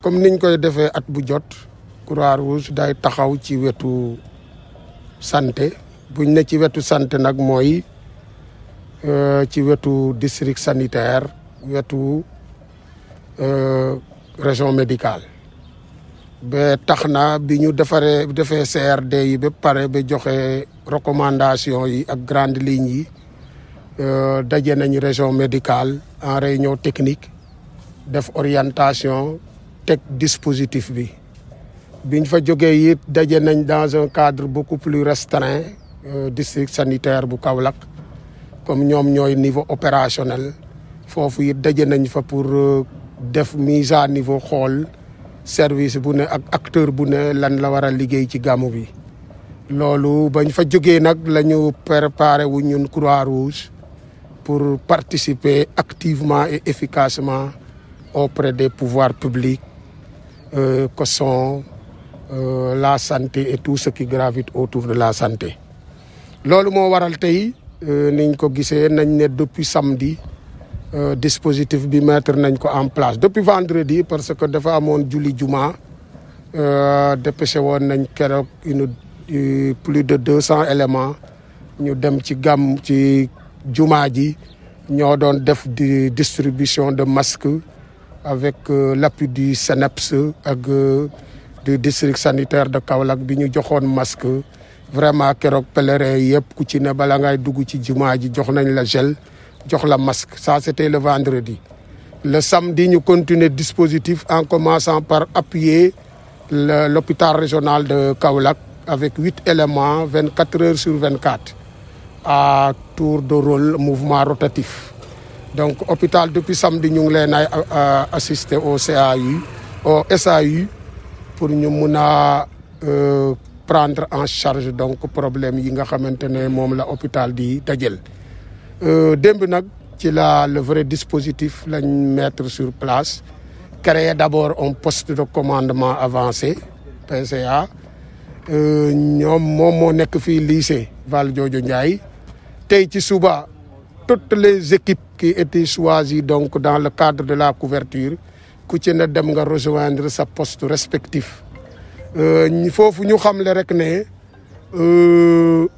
comme niñ koy defee at bu jot croix day taxaw ci wetu santé buñ ne ci wetu santé nag mooy euh, ci wetu district sanitaire wetu euh, région médicale ba tax na bi ñu defaree defee CRD yi ba pare ba joxe recommandation yi ak grande ligne yi euh, daje nañ région médicale en réunion technique def orientation teg dispositif bi biñ fa jógee it daje nañ dans un cadre beaucoup plus restreint euh, district sanitaire bu Kaolack comme ñoom ñooy niveau opérationnel foofu it daje nañ fa pour euh, def mise à niveau xool service bu ne ak acteur bu ne lan la war liggéey ci gàmmu bi loolu bañ fa jógee nag la ñu préparé wu ñun Croix-Rouge pour participer activement et efficacement auprès des pouvoir publics euh, que sont euh, la santé et tout ce qui gravite autour de la santé loolu moo waral tey euh, niñ ko gisee nañ ne depuis samedi euh, dispositif bi mettre nañ ko en place depuis vendredi parce que dafa amoon juli juma dépêché woon nañ keroog une plus de deux cents éléments ñu dem ci gàmm ci jumaa ji ñoo doon def di distribution de masque avec euh, l'appui du SENEPS ak euh, di district sanitaire de Kaolack bi ñu joxoon masque vraiment keroog pèlerin yëpp ku ci ne bala ngay dugg ci jumaa ji jox nañ la gel jox la masque ça c'était le vendredi le samedi ñu continuer dispositif en commençant par appuyer l'hôpital régional de Kaolack avec huit éléments vingt quatre heures sur vingt quatre à tour de rôle mouvement rotatif donc hôpital depuis samedi ñu ngi leen ay assister au CAU au SAU pour ñu mun a euh, prendre en charge donc problème yi nga xamante ne moom la hôpital di dajel euh, démb nag ci la le vrai dispositif la mettre sur place créer d'abord un poste de commandement avancé PCA euh, ñoom moom moo nekk fii lycée Valdiodio Ndiaye tey ci suba toutes les équipes qui étaient choisies donc dans le cadre de la couverture ku ci ne dem nga rejoindre sa poste respectif euh, ñi foofu ñu xam le rek ne euh,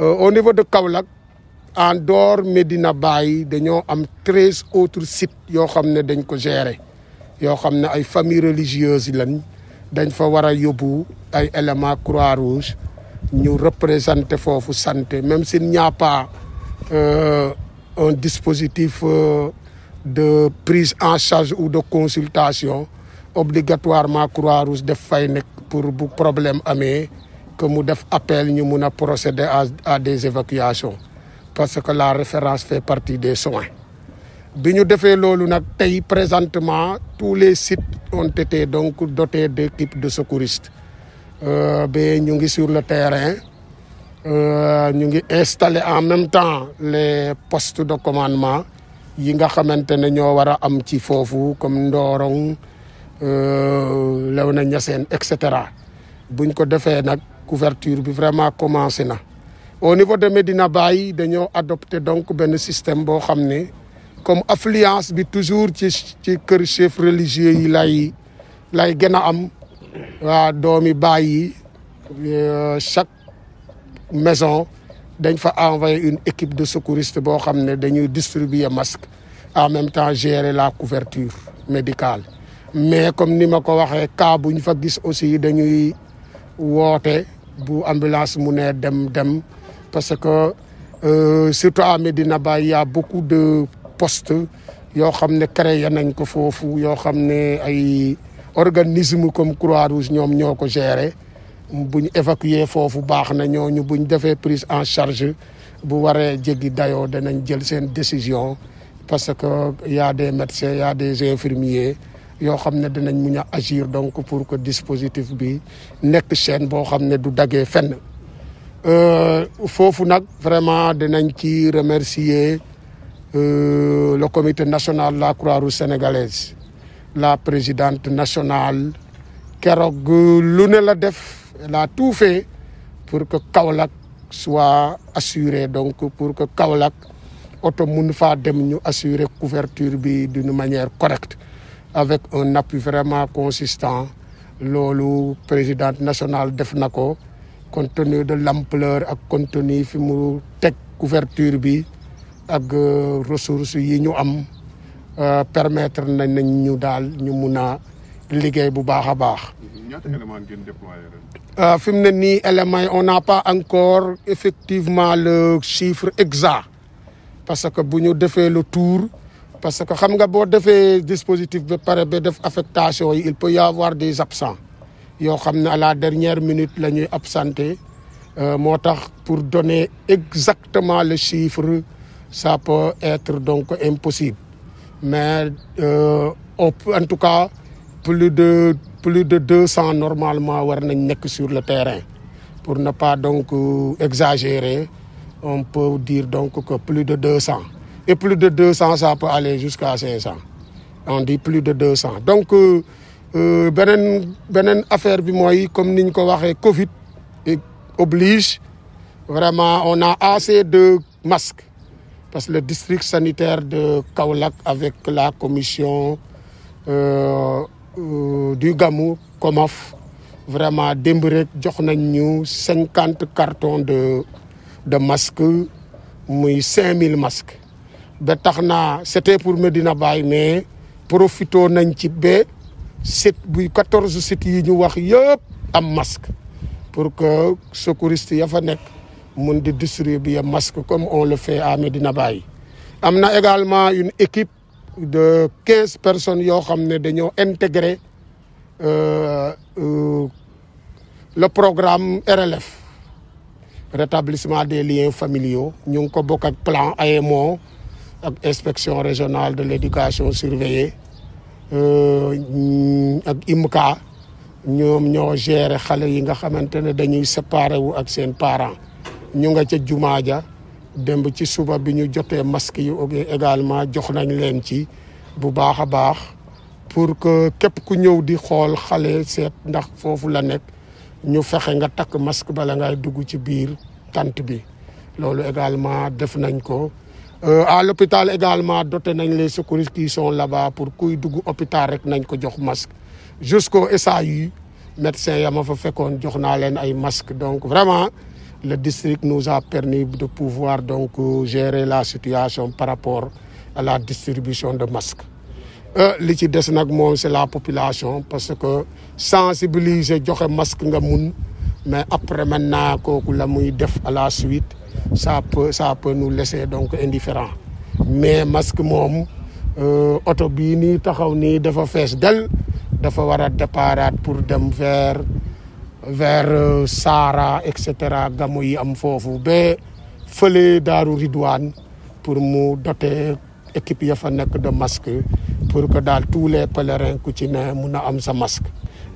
euh, au niveau de Kaolack en dehors médina Baye dañoo am treize autres sites yoo xam ne dañ ko gérer yoo xam ne ay familles religieuses lañ dañ fa war a yóbbu ay éléments Croix-Rouge ñu représenter foofu santé même si ñaapaa un, euh, un dispositif euh, de prise en charge ou de consultation obligatoirement Croix-Rouge def fay nekk pour bu problème amee que mu def appel ñu mun a procéder à à des évacuations parce que la référence fait partie des soins bi ñu defee loolu nag tey présentement tous les sites ont été donc dotés d'équipes de secouristes euh, ba ñu ngi sur le terrain Euh, ñu ngi installé en même temps les postes de commandement yi nga xamante ne ñoo war a am ci foofu comme Ndorong euh, Léona Niassène et cetera buñ ko defee nag couverture bi vraiment commencé na au niveau de Medina Baye dañoo adopté donc benn système boo xam ne comme affluence bi toujours ci ci kër chef religieux yi lay lay gën a am waa doomi Baye yi euh, chaque maison dañ fa envoyé une équipe de secouristes boo xam ne dañuy distribuer masque en même temps gérer la couverture médicale mais comme ni ma ko waxee cas bu ñu fa gis aussi dañuy woote bu ambulance mu ne dem dem parce que euh, surtout à dina Baye y beaucoup de postes yoo xam ne créé nañ ko foofu yoo xam ne ay organisme comme Croix-Rouge ñoom ñoo ko gérer bu ñu évacuer foofu baax na ñu bu ñu defee prise en charge bu waree jéggi dayoo danañ jël seen décision parce que y des médecins y des infirmiers yoo xam ne dinañ mu a agir donc pour que dispositif bi nekk chaîne boo xam ne du daggee fenn. Euh, foofu nag vraiment dinañ ci remercier euh, le comité national la Croix-Rouge sénégalaise la présidente nationale keroog lu ne la def. Elle a tout fait pour que Kaolack soit assuré donc pour que Kaolack oto mun faa dem ñu assurer couverture bi d'une manière correcte avec un appui vraiment consistant loolu présidente nationale def na ko compte de l'ampleur ak compte fi mu teg couverture bi ak euh, ressources yi ñu am euh, permettre nañ ñu daal ñu mun a liggéey bu baax a baax. ñaata euh, fi mu ne nii éléments on n'a pas encore effectivement le chiffre exact parce que bu ñu defee le tour parce que xam nga boo defee dispositif ba pare ba def affectation yi il peut y avoir yoo xam ne à la dernière minute la ñuy absenté euh, moo tax pour donner exactement le chiffre ça peut être donc impossible mais euh, en tout cas. plus de plus de deux cents normalement war nañ nekk sur le terrain pour ne pas donc euh, exagérer on peut dire donc que plus de deux cents et plus de deux cents ça peut aller jusqu'à on dit plus de deux cents donc euh, euh, beneen beneen affaire bi mooy comme ni ko waxee Covid oblige vraiment on a assez de masques parce que le district sanitaire de Kaolack avec la commission euh, Euh, du Gamou Komaf vraiment démb jox nañ ñu cinquante cartons de de masques muy cinq mille masques ba tax na c'était pour Medina Baye mais profitoo nañ ci ba site bu quatorze sites yi ñu wax yëpp am masque pour que secouriste ya fa nekk mun di distribuer masque comme on le fait à Medina Baye am na également une équipe de quinze personnes yoo xam ne dañoo intégré euh, euh, le programme RLF rétablissement des liens familiaux ñu ngi ko bokk ak plan moo ak inspection régionale de l'éducation surveillée euh, ak IMCA ñoom ñoo gérer xale yi nga xamante ne dañuy séparé ak seen parent ñu nga ca jumaa ja demb ci suba bi ñu jotee masque yi également jox nañ leen ci bu baax a baax pour que képp ku ñëw di xool xale seet ndax foofu la nekk ñu fexe nga takk masque bala ngay dugg ci biir tant bi loolu également def nañ ko euh, à l'hôpital également dote nañ les secouristes qui sont là pour kuy dugg hôpital rek nañ ko jox masque jusqu'au SAU médecin ya ma fa fekkoon jox naa leen ay masque donc vraiment le district nous a permis de pouvoir donc euh, gérer la situation par rapport à la distribution de masques euh, li ci des nag moom c'est la population parce que sensibiliser joxe masque nga mun mais après maintenant kooku la muy def à la suite ça peut nu peut nous donc indifférents mais masque moom euh, oto bii nii taxaw nii dafa fees del dafa war a déparaat pour dem vers vers euh, Saara et cetera gamo yi am foofu ba fële Daaru Ridwaan pour mu doter équipe ya fa nekk de masque pour que daal tous les pèlerins ku ci ne mun a am sa masque.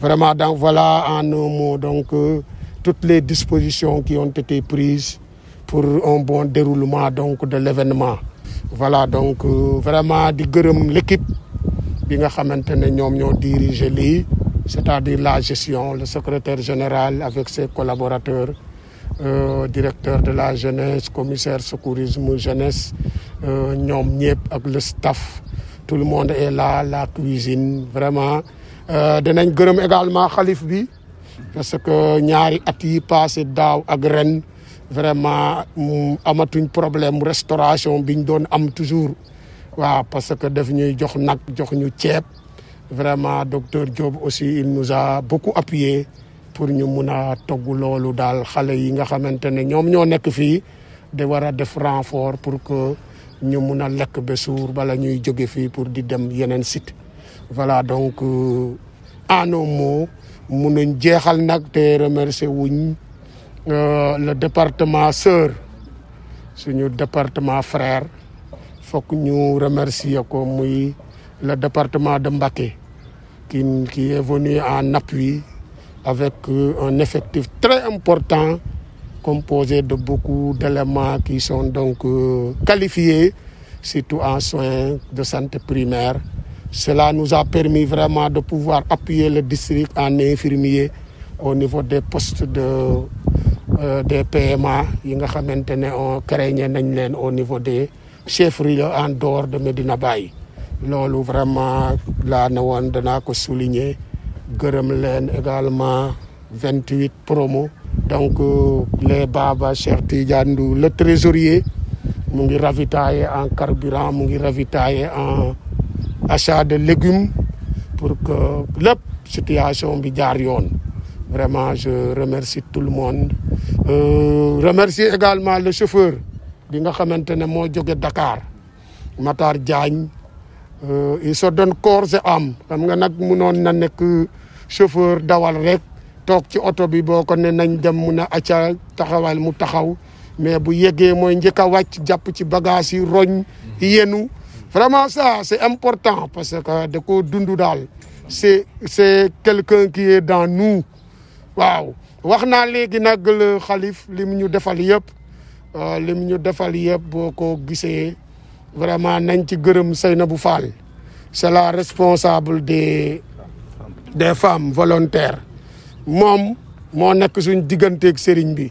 vraiment donc voilà en un donc euh, toutes les dispositions qui ont été prises pour un bon déroulement donc de l'événement voilà donc euh, vraiment di gërëm l'équipe bi nga xamante ne ñoom ñoo diriger lii. c'est-à-dire la gestion, le secrétaire général avec ses collaborateurs, euh, directeur de la jeunesse, commissaire secourisme jeunesse, euh, ñoom ñëpp ak le staff tout le monde est là la cuisine vraiment euh, dinañ gërëm également xalif bi parce que ñaari at yi passé daaw ak ren vraiment amatuñ problème restauration biñ doon am toujours waaw parce que def ñuy jox nag jox ñu ceeb vraiment docteur Diop aussi il nous a beaucoup appuyé pour ñu mun a togg loolu daal xale yi nga xamante ne ñoom ñoo nekk fii de war a def renfort pour que ñu mun a lekk ba suur bala ñuy jóge fii pour di dem yeneen site voilà donc euh, en un mot mun nañ jeexal nag te remercier wuñ euh, le département sœur suñu département frère fokk ñu remercier ko muy le département de Mbaké, qui, qui, est en appui avec euh, un effectif très important composé de beaucoup d'éléments qui sont donc euh, qualifiés, surtout en soins de santé primaire. Cela nous a permis vraiment de pouvoir appuyer le district en infirmier au niveau des postes de, euh, yi nga euh, des PMA, on craignait au niveau des chefs en dehors de Medina Baye. loolu vraiment laa ne woon danaa ko souligner gërëm leen également vingt huit promo donc euh, les Baba Cheikh Tidiane Ndour le trésorier mu ngi ravitailler en carburant mu ngi ravitailler en achat de légumes pour que lépp situation bi jaar yoon vraiment je remercie tout le monde euh, remercie également le chauffeur bi nga xamante ne moo jóge Dakar Matar Diagne Euh, il se donne corps et âme xam nga nag munoon na nekk chauffeur dawal rek toog ci oto bi boo ko ne nañ dem mun a acca taxawal mu taxaw mais bu yeggee mooy njëkk a wàcc jàpp ci bagage yi roñ yenu vraiment ça c'est important parce que da ko dund daal c'est c'est quelqu'un qui est dans nous waaw wax naa léegi nag le xalif lim ñu defal yëpp euh, lim defal yëpp boo ko gisee vraiment nañ ci gërëm Seynabou Fall c'est la responsable des des femmes volontaires moom moo nekk suñ digganteek sëriñ bi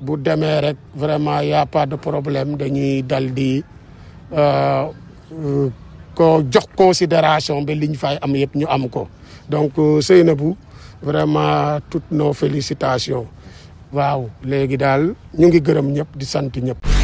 bu demee rek vraiment y a pas de problème dañuy dal di euh, ko jox considération bi liñ fay am yëpp ñu am ko donc euh, bu vraiment toutes nos félicitations waaw léegi daal ñu ngi gërëm ñëpp di sant ñëpp